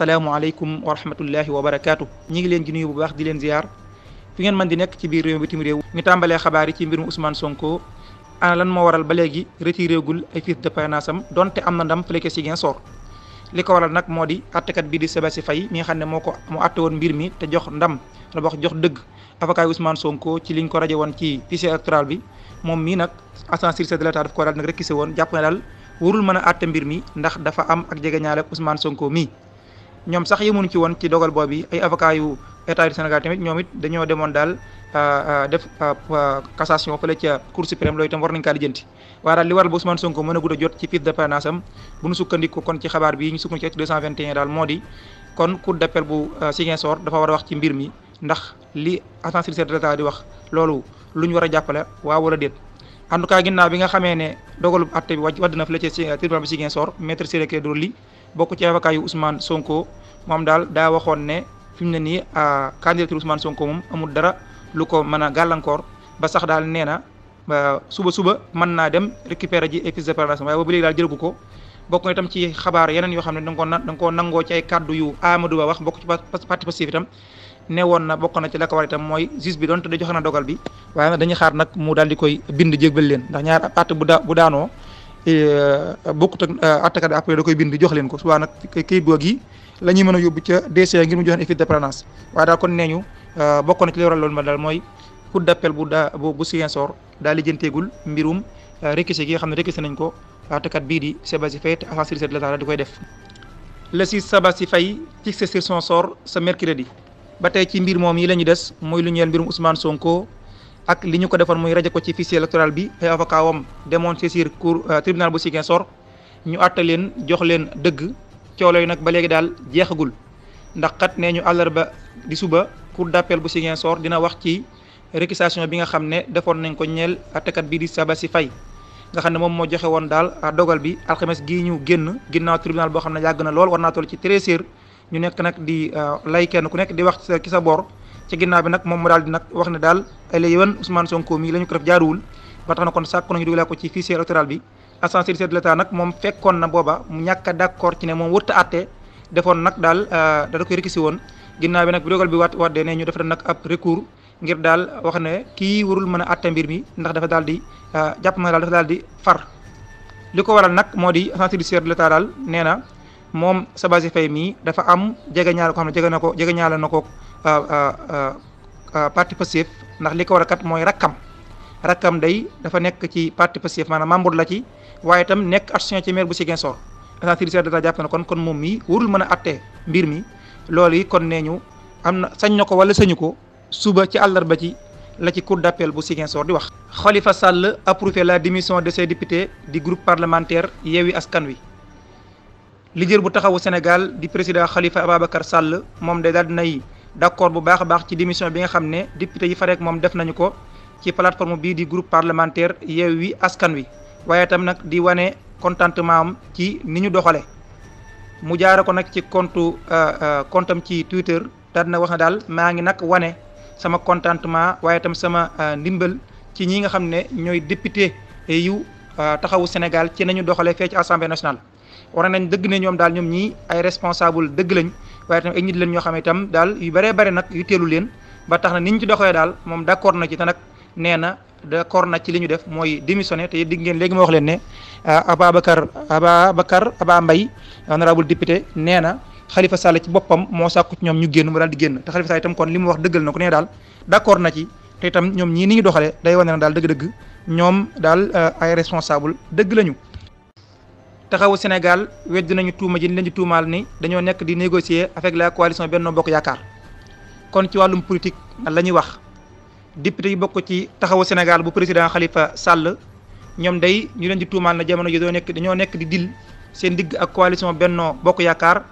salaamualeykum wa rahmatullahi wa barakaatu ñi ngi leen di nuyu bu baax di leen ziar fi ngeen man di nekk ci biir réew bitim réew ñu tàmbalee xabaar yi ci mbirum Ousmane Sonko ana lan moo waral ba léegi retiré gul ay fiches de am donte am na ndam fële gen Ziguinchor li ko waral nag moo di attekat bii di Sabassy Faye mi nga xam ne moo ko moo atte woon mbir mi te jox ndam la wax jox dëgg avocat Ousmane Sonko ci liñ ko rajo woon ci fichier électoral bi moom mii nag agence judiciaire de l'État ko daal nag rekise woon jàpp ne mën a atte mbir mi ndax dafa am ak jegeñaale ak Ousmane Sonko mii ñoom sax yi yemuñu ci woon ci dogal boobu ay avocat yu état du Sénégal tamit ñoom it dañoo demoon daal euh, euh, def euh, cassation fële ca cour suprême loolu itam war nañu kaa lijjanti waaye daal li waral ba Ousmane Sonko mën a gudd jot ci fiche de parrainage am bu ñu sukkandiku kon ci xabaar bii ñu sukkandiku ci 221 moo kon cour d'appel bu Ziguinchor dafa war a wax ci mbir mi ndax li agence judiciaire de l'État di wax loolu lu ñu war a jàppale waaw wala déet en tout cas ginnaaw bi nga xamee ne dogalu atte bi wàcc wadd na fële bokk ci avocat yu Ousmane Sonko moom daal daa waxoon ne fi mu ne nii ah, candidature Ousmane Sonko moom amul dara lu ko mën a gàllankoor ba sax daal nee na suba suba mën naa dem récupérer ji exige de prévention waaye boobu léegi ko bokk na ci xabaar yeneen yoo xam ne da nga na da nga nangoo ci ay kàddu yu Amadou Ba wax bokk ci parti Pastef itam ne woon na bokk na ci la ko war itam mooy bi doonte da joxe na dogal bi waaye nag xaar nag mu daal di koy bind jégbal leen ndax ñaar parti bu da bu daanoo Euh, bokkut ak attakat euh, après da koy bind jox leen ko subaa nag kayit googu yi la ñuy mën a yóbbu ca DCA ngir mu joxe effet de dépendance waaye daal kon nee ñu euh, bokk na ci li waral loolu ma daal mooy cour d'appel bu daa bu Ziguinchor daa lijjanteegul mbirum réquisition gi nga xam ne réquisition nañ ko attakat bii di Sabassy Faye te agence judiciaire de l'État di koy def. le 6 Sabassy Faye fixé sur son sort ce mercredi ba tey ci mbir moom yi la ñu des mooy lu ñeel mbirum Ousmane Sonko. ak li ñu ko defoon muy rajo ko ci fichier électoral bi ay avocat wam demoon saisir cour euh, tribunal bu Ziguinchor ñu àtte leen jox leen dëgg coolo yi nag ba léegi daal jeexagul ndax kat nee ñu àllarba di suba cour d'appel bu Ziguinchor dina wax ci réquisition bi nga xam ne defoon nañ ko ñeel àttekat bi di si Faye nga xam ne moom moo joxe woon daal dogal bi alxames gii ñu génn ginnaaw tribunal boo xam ne yàgg na lool war naa toll ci treize heures ñu nekk nag di euh, lay ku nekk di wax ci sa boor ci ginnaaw bi nag moom mu daal di nag wax ne daal ay la yéwén Ousmane Sonko mii la ko def jaaruwul ba tax na kon sàkk nañu dugalaa ko ci fichier électoral bi agent judiciaire de l'État nag moom na booba mu a d'accord ci moom wërta àtte defoon nag daal euh, da da koy rékisi woon ginnaaw bi nag bi dogal bi waat waatdee ne ñu def nag ab recours ngir daal wax ne kii warul mën a àtte mbir mi ndax dafa daal di euh, jàpp na daal daal di far li ko waral nag moo di agent judiciaire de l'État daal nee na moom Sabasy Faye mii dafa am jege ñaar ko xam ne jege na ko jege ñaale na ko Euh, euh, euh, parti Pastef ndax li ko war a kat mooy rakkam rakkam day dafa nekk ci parti Pastef maanaam membre la ci waaye itam nekk association ci maire bu Ziguinchor agent judiciaire d'État jàpp na kon kon moom mii warul mën a atte mbir mi loolu yi kon nee ñu am na sañ na ko wala sañu ko suba ci àllarba ci la ci cour d'appel bu Ziguinchor di wax. Khalifa sàll approuvé la démission de ses députés du groupe parlementaire Yewwi Askan Wi leader bu taxawu Sénégal di président xalifa Ababacar Sall moom day daal dinay d'accord bu baax a baax ci démission bi nga xam ne député yi fareek moom def nañu ko ci plateforme bii di groupe parlementaire wi Askan Wi waaye tam nag di wane contentement am ci ni ñu doxale mu jaare ko nag ci compte euh, euh, compte am ci Twitter daal wax daal maa ngi nag wane sama contentement waaye tam sama euh, ndimbal ci ñi nga xam ne ñooy député yu taxawu Sénégal ci nañu doxalee fee ci assemblée nationale. war nañ dëgg ne ñoom daal ñoom ñii ay responsable dëgg lañ. waaye tamit ay nit leen ñoo xam ne itam daal yu bëree bëri nag yu teelu leen ba tax na ni ñu ci doxee daal moom d'accord na ci te nag nee na d'accord na ci li ñu def mooy démissionné te dégg ngeen léegi ma wax leen ne euh, Ababacar Ababacar Aba Mbaye honorable député nee na Khalifa Sall ci boppam moo sàkku ñoom ñu génn mu daal di génn te Khalifa itam kon li wax dëggal na ko nee daal d'accord na ci te itam ñii ni ñu doxalee day wane na daal dëgg-dëgg ñoom daal euh, ay responsable dëgg lañu taxawu Sénégal weddi nañu tuuma ji leen di tuumaal ni dañoo nekk di négocier avec la coalition Benno Bokk Yaakaar kon ci wàllum politique la ñuy wax député yi bokk ci taxawu Sénégal bu président Khalifa sàll ñoom day ñu leen di tuumaal na jamono ji doo nekk dañoo nekk di dil seen digg ak coalition Benno Bokk Yaakaar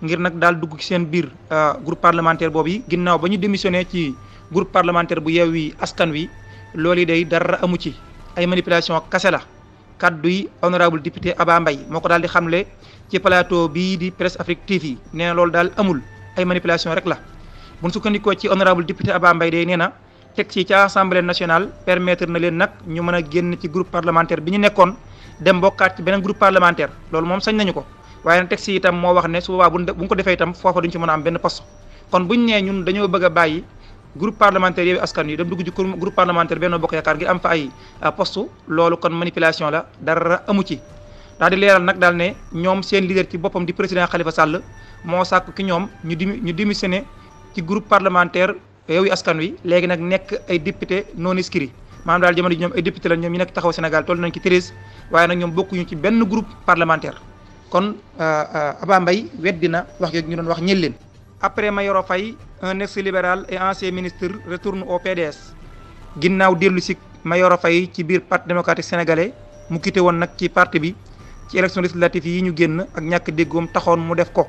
ngir nag daal dugg ci seen biir euh, groupe parlementaire boobu yi ginnaaw ba ñu démissionné ci groupe parlementaire bu Yewwi Askan Wi loolu yi day dara amu ci ay manipulation kase la kaddu yi honorable député Aba Mbaye moo ko daal di xamle ci plateau bii di Presse Afrique TV nee na loolu daal amul ay manipulation rek la buñ sukkandikoo ci honorable député Aba Mbaye day nee na teg ci ca assemblée nationale permettre na leen nag ñu mën a génn ci groupe parlementaire bi ñu nekkoon dem bokkaat ci beneen groupe parlementaire loolu moom sañ nañu ko waaye nag teg ci itam moo wax ne su boobaa bu ñu ko defee itam foofa duñ ci mën a am benn po kon groupe parlementaire Yewwi Askan Wi dem dugg ci groupe parlementaire Benno Bokk Yaakaar ngir am fa ay euh, poste loolu kon manipulation la dara amu ci daal di leeral nag daal ne ñoom seen leader ci boppam di président Khalifa sàll moo sàkk ki ñoom ñu dimi ñu démissionné ci groupe parlementaire Yewwi Askan Wi léegi nag nekk ay député non inscrits maanaam daal jamono ji ñoom ay député la ñoom ñu nekk taxaw Sénégal toll nañ ci treize waaye nag ñoom bokkuñu ci benn groupe parlementaire kon euh, euh, Aba Mbaye weddi na wax yooyu ñu doon wax ñel leen après Mayoro Faye un ex-libéral et ancien ministre retourne au PDS ginnaaw dellu si Mayoro Faye ci biir parti démocratique sénégalais mu quitté woon nag ci parti bi ci élection législative yi ñu génn ak ñàkk déggoom taxoon mu def ko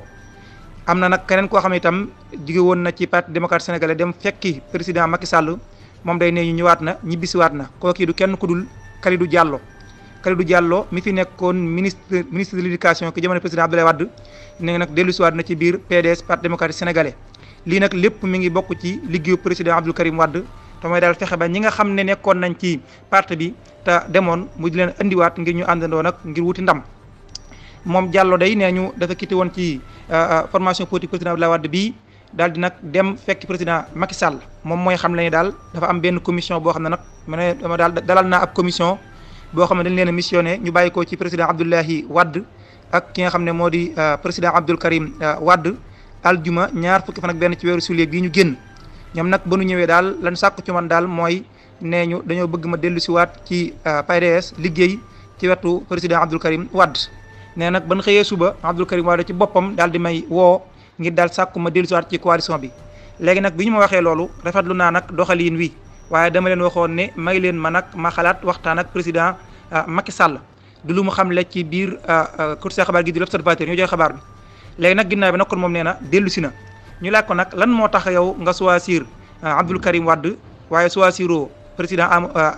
am na nag keneen koo xam ne itam jóge woon na ci parti démocratique sénégalais dem fekki président Macky Sall moom day ne ñu ñëwaat na ñibbisiwaat na kooku du kenn ku dul Kalidou Diallo Kalidou Diallo mi fi nekkoon ministre ministre de l' éducation ki jamono président Abdoulaye Wade ne nag dellusiwaat na ci biir PDS parti démocratique sénégalais lii nag lépp mi ngi bokk ci liggéeyu président Abdou Karim Wade te mooy daal fexe ba ñi nga xam ne nekkoon nañ ci parti bi te demoon mu di leen indiwaat ngir ñu àndandoo nag ngir wuti ndam. moom Diallo day nee ñu dafa quitté woon ci euh, euh, formation politique président Abdoulaye Wade bii daal di nag dem fekk président Macky Sall moom mooy xam le ni daal dafa am benn commission boo xam ne nag ma ne daal dalal naa ab commission. boo xam ne dañ leen a missionné ñu bàyyi ko ci président Abdoulaye wadd ak ki nga xam ne moo di euh, président Abdoul Karim euh, Wade aljuma ñaar fukki fan ak benn ci weeru sulet bii ñu génn ñoom nag ba nu ñëwee daal lan sàkku ci man daal mooy nee ñu dañoo bëgg ma dellu si waat ci euh, PDS liggéey ci wetu président Abdoul Karim Wade nee nag ba nu xëyee suba Abdoul Karim Wade ci boppam daal di may woo ngir daal sàkku ma dellu si waat ci coalition bi léegi nag bi ñu ma waxee loolu rafetlu naa nag doxaliin wi waaye dama leen waxoon ne may leen man ak ma xalaat waxtaan ak président euh, Macky Sall du lu mu xam xamle ci biir euh, euh, course xabaar gi di l'observateur ñu joxe xabaar bi léegi nag ginnaaw bi na kon moom nee na dellu si na ñu laaj ko nag lan moo tax yow nga choisir Abdoul Karim Wade waaye choisiroo président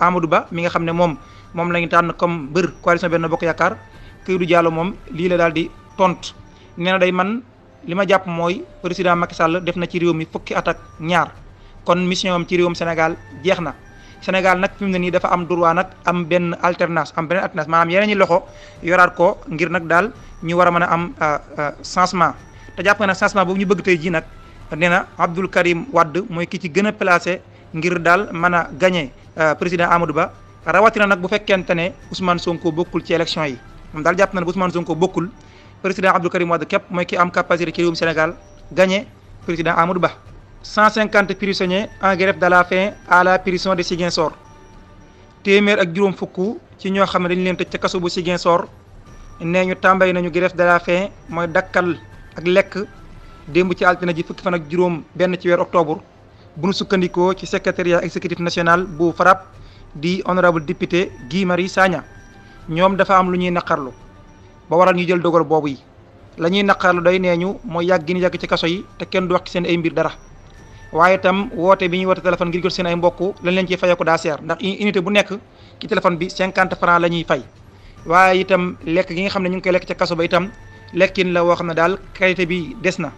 amadu Ba mi nga xam ne moom moom la ñu tànn comme mbër coalition benn bokk yaakaar kii du jàll moom lii la daal di tontu nee day man li ma jàpp mooy président Macky Sall def na ci réew mi fukki at ñaar. kon mission am ci réewum Sénégal jeex na Sénégal nag fi mu ne nii dafa am droit nag am benn alternance am beneen alternance am yeneen ñi loxo yoraat ko ngir nag daal ñu war a mën a am euh, euh, changement te jàpp na nag changement boobu ñu bëgg tey jii nag nee na Abdoul Karim wadd mooy ki ci gën a placé ngir daal mën a gagné euh, président Amadou Ba rawatina nag bu fekkente ne Ousmane Sonko bokkul ci élection yi moom daal jàpp na ne bu Sonko bokkul président Abdoul Karim Wade képp mooy ki am capacité ci réewum Sénégal président Amadou Ba. cent cinquante prisonniers en grève de la fin à la prison de Ziguinchor téeméer ak juróom fukk ci ñoo xam ne dañu leen tëj ca kaso bu Ziguinchor nee ñu tàmbali nañu grève de la faim mooy dakkal ak lekk démb ci altine ji fukki fan ak juróom benn ci weer octobre bu nu sukkandikoo ci secrétariat exécutif national bu FRAPP di honorable député Guy Marie Sagna ñoom dafa am lu ñuy naqarlu ba waral ñu jël dogal boobu yi la ñuy naqarlu day nee ñu mooy yàgg gi ñu yàgg ci kaso yi te kenn du wax seen ay dara waaye itam woote bi ñuy woote téléphone ngir jot seen ay mbokk lañ leen ciy fayee ko daa seer ndax unité bu nekk ci téléphone bi cinquante franc la ñuy fay waaye itam lekk gi nga xam ne ñu ngi koy lekk ca kaso ba itam lekkin la woo xam ne daal qualité bi des na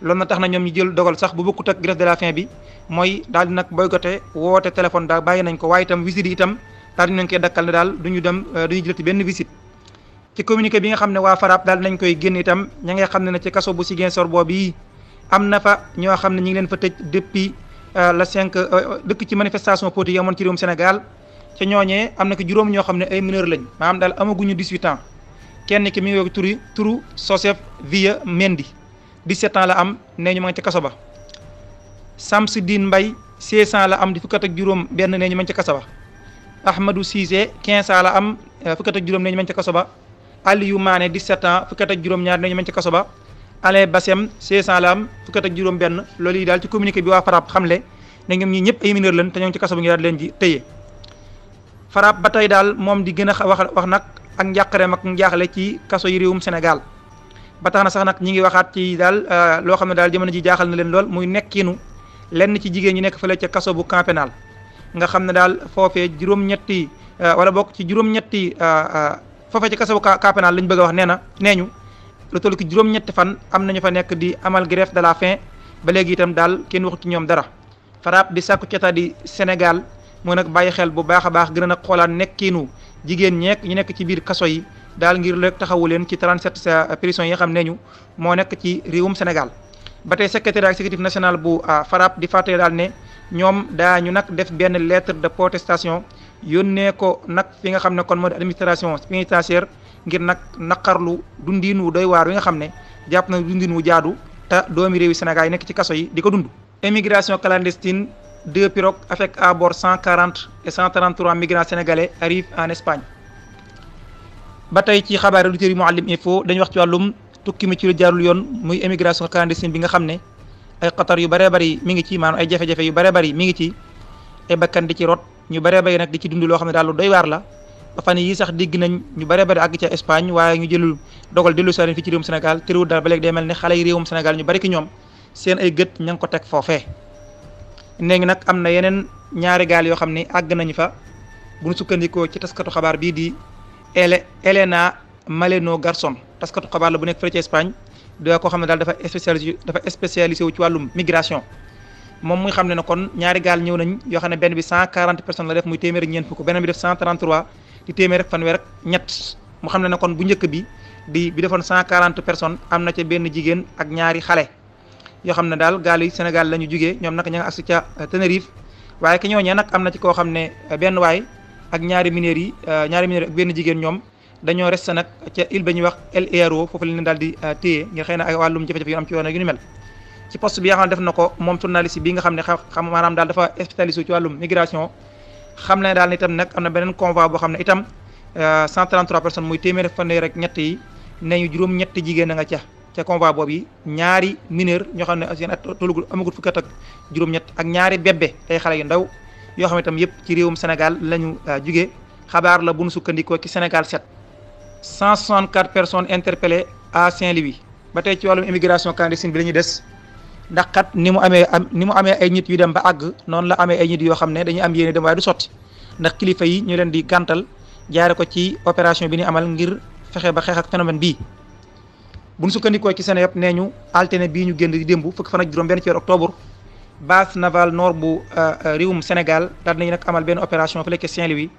loolu na tax na ñoom ñi jël dogal sax bu bokkut ak grève de la bi mooy daal dina nag boycotté woote téléphone daal bàyyi nañ ko waaye itam visite yi itam daal di nañ koy dakkal ne daal duñu dem euh, duñu jëlati benn visite ci communiqué bi nga xam ne waa FRAPP daal nañ koy génn itam ña nga xam ne ne ci kaso bu Ziguinchor am na fa ñoo xam ne ñu ngi leen fa tëj depuis euh, la cinq euh, dëkk ci manifestation politique yi ci réewum Sénégal ca ñooñee am na ko juróom ñoo xam ne ay mineur lañ am daal amaguñu 18 ans kenn ki mi ngi wax turi turu Sosef Via Mendy 17 ans la am nee ñu ma ci kaso ba Samsidine Mbay 16 ans la am di fukkat ak juróom benn nee ñu ma nga ca kaso ba Ahmadou Cissé 15 ans la am euh, fukkat ak juróom nee ma nga kaso ba Aliou Mané 17 ans fukkat juróom ñaar nee ñu ma ci ca kaso ba ale Bassem 600 la am fukk ak juróom benn loolu yi daal ci communiqué bi waa FRAPP xamle ne ñoom ñii ñëpp ay mineur lañ te ñoo ngi ci kaso bu ñu daal leen ji tëye FRAPP ba tey daal moom di gën a wax wax nag ak njàqareem ak njaaxle ci kaso yi réewum senegal ba tax na sax nag ñi ngi waxaat ci daal euh, loo xam ne daal jamono ji jaaxal na leen lool muy nekkinu lenn ci jigéen ñi nekk fële ca kaso bu camp nga xam ne daal foofee juróom-ñetti euh, wala bokk ci juróom-ñetti euh, foofee ca kaso bu camp pénal lañ bëgg wax nee na nee ñu lu toll ki juróom-ñetti fan am nañu fa nekk di amal grève de la fin ba léegi itam daal kenn waxu ci ñoom dara FRAPP di sàkku cata di Sénégal moo nag bàyyi xel bu baax a baax gën a xoolaat nekkiinu jigéen ñeek ñu nekk ci biir kaso yi daal ngir léeg taxawu leen ci 37 sa prison yi nga xam ne ñu moo nekk ci réewum Sénégal ba tey secrétaire exécutif national bu ah, FRAPP di fàttali daal ne ñoom daa ñu nag def benn lettre de protestation yónnee ko nag fi nga xam ne kon moo di administration ngir nag naqarlu dundin wu doy waar wi nga xam ne jàpp na dundin wu jaadu te doomi réewi Sénégal yi nekk ci kaso yi di ko dund. émigration clandestine deux pirogues avec à bord cent quarante et cent trente trois migrants en Espagne. ba tey ci xabaar auditeurs yi Mouhalim Info dañu wax ci wàllum tukki mi ci jaarul yoon muy émigration clandestine bi nga xam ne ay xatar yu bare bëri mi ngi ci maanaam ay jafe-jafe yu bëree bëri mi ngi ci ay bakkan di ci rot ñu bare bëri nag di ci dund loo xam ne daal doy waar la. ba fan yii sax dégg nañ ñu bare bari àgg ca Espagne waaye ñu jëlul dogal dellu sareen fii ci réewum Sénégal terewul daal ba léegi day mel ne xale yi réewum Sénégal ñu bari ki ñoom seen ay gët ña ngi ko teg foofee léegi nag am na yeneen ñaari gaal yoo xam ne àgg nañu fa bu ñu sukkandikoo ci taskatu xabaar bii di Elena Maleno Garçon taskatu xabaar la bu nekk fële ci Espagne da koo xam ne daal dafa spécialisé dafa spécialisé wu ci wàllum migration moom muy xam ne ne kon ñaari gaal ñëw nañ yoo xam ne benn bi 140 personnes la def muy téeméer ak ñeent fukk beneen bi def 133 di téeméer rek fanweer ak ñett mu xam ne na kon bu njëkk bi di bi defoon cent quarante personnes am na ca benn jigéen ak ñaari xale yoo xam ne daal gaal yi Sénégal la ñu jugee ñoom nag ña nga ca euh, Tenerife waaye ki ñooñee nag am na ci koo xam ne euh, benn waay ak ñaari mineurs yi euh, ñaari mineurs ak benn jigéen ñoom dañoo resté nag ca île ba wax El Hierro foofu la daal di téye ngir xëy na ay wàllum jafe-jafe yu am ci yoon ak yu ni mel ci poste bi nga xam ne def na ko moom journaliste bi nga xam ne xam maanaam daal dafa spécialisé ci wàllum migration xam ne daal ne itam nag am na beneen convoi boo xam ne itam 133 euh, personnes muy téeméer fanweer rek ñett yi ne ñu juróom-ñetti jigéen a nga ca ca convoi boobu yi ñaari mineur ñoo xam ne seen at tollugul amagul fukkat ak juróom-ñett ak ñaari bébé ay xale yu ndaw yoo xam ne itam yëpp ci réewum Sénégal lañu euh, jugee xabaar la bu nu sukkandikoo ci Sénégal 7 164 personnes interpellées à Saint-Louis ba te ci wàllum immigration clandestine bi la ñuy des ndax kat ni mu amee am ni mu amee ay nit yu dem ba àgg noonu la amee ay nit yoo xam ne dañu am yéene dem waaye du sotti ndax kilifa yi ñu leen di gàntal jaare ko ci opération bi ñu amal ngir fexe ba xeex ak phénomène bii bu ñu sukkandikoo ci seen yëpp nee ñu altine bii ñu génn di démb fukki fan ak juróom benn ci weer octobre base navale nord bu euh, euh, réewum Sénégal daal nañu nag amal benn opération fële ca Saint-Louis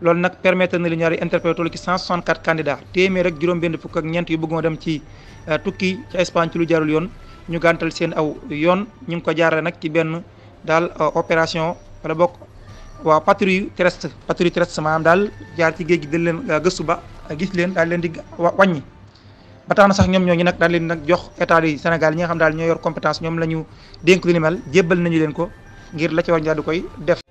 loolu nag permettre na li ñu war a interpellé toll ci 164 candidats téeméer ak juróom benn fukk ak ñeent yu bëggoon dem ci euh, tukki ca Espagne lu jaarul yoon ñu gàntal seen aw yoon ñu ngi ko jaarale nag ci benn daal euh, opération wala bokk waaw patrouille terrestre patrouille terrestre maanaam daal jaar ci géej gi dañ leen euh, gëstu ba gis leen daal leen di wàññi ba tax na sax ñoom ñi nag daal leen nag jox état du Sénégal ñi nga xam daal ñoo yor compétence ñoom la ñu dénk lu ni mel jébbal nañu leen ko ngir la ci war ñu daal koy def